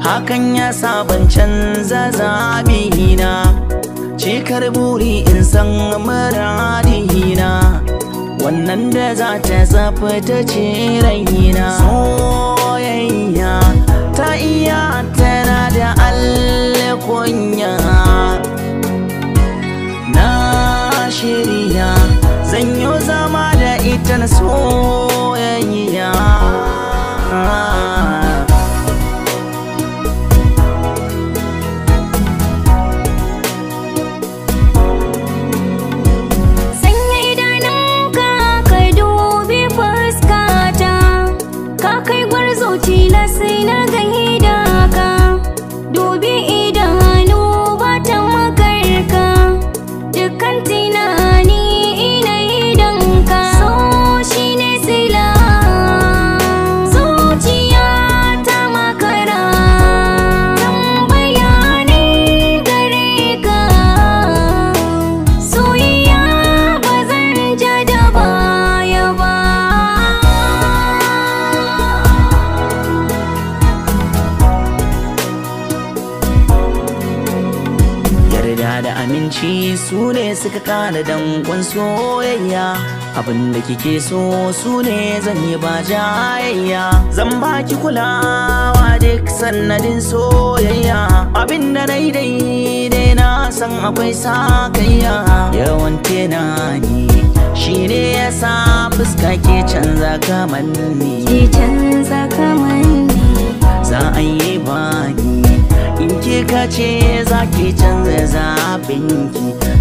hakan ya saban canza zabina cikar buri in san maradina wannan da za ta ta ce raina soyayya ta iya tana da alkunya na shirya zanyo zama da ita na soyayya Cina h Sina g á n h zumunci su ne suka kana dankon soyayya abin da kike so su ne zan yi ba jayayya zan baki kulawa duk sannadin soyayya abin da na yi na san akwai sakayya yawan tena ni shi ne ya sa fuska ke canza kamanni ke canza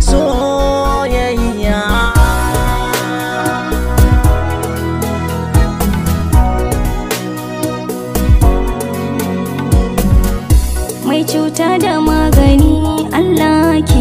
soyayya mai cuta da magani Allah ke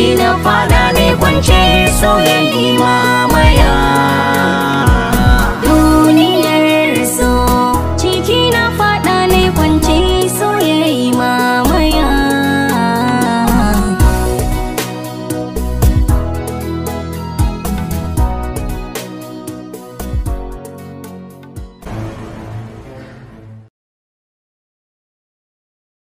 ciki na fada ne kwance soyayya mamaya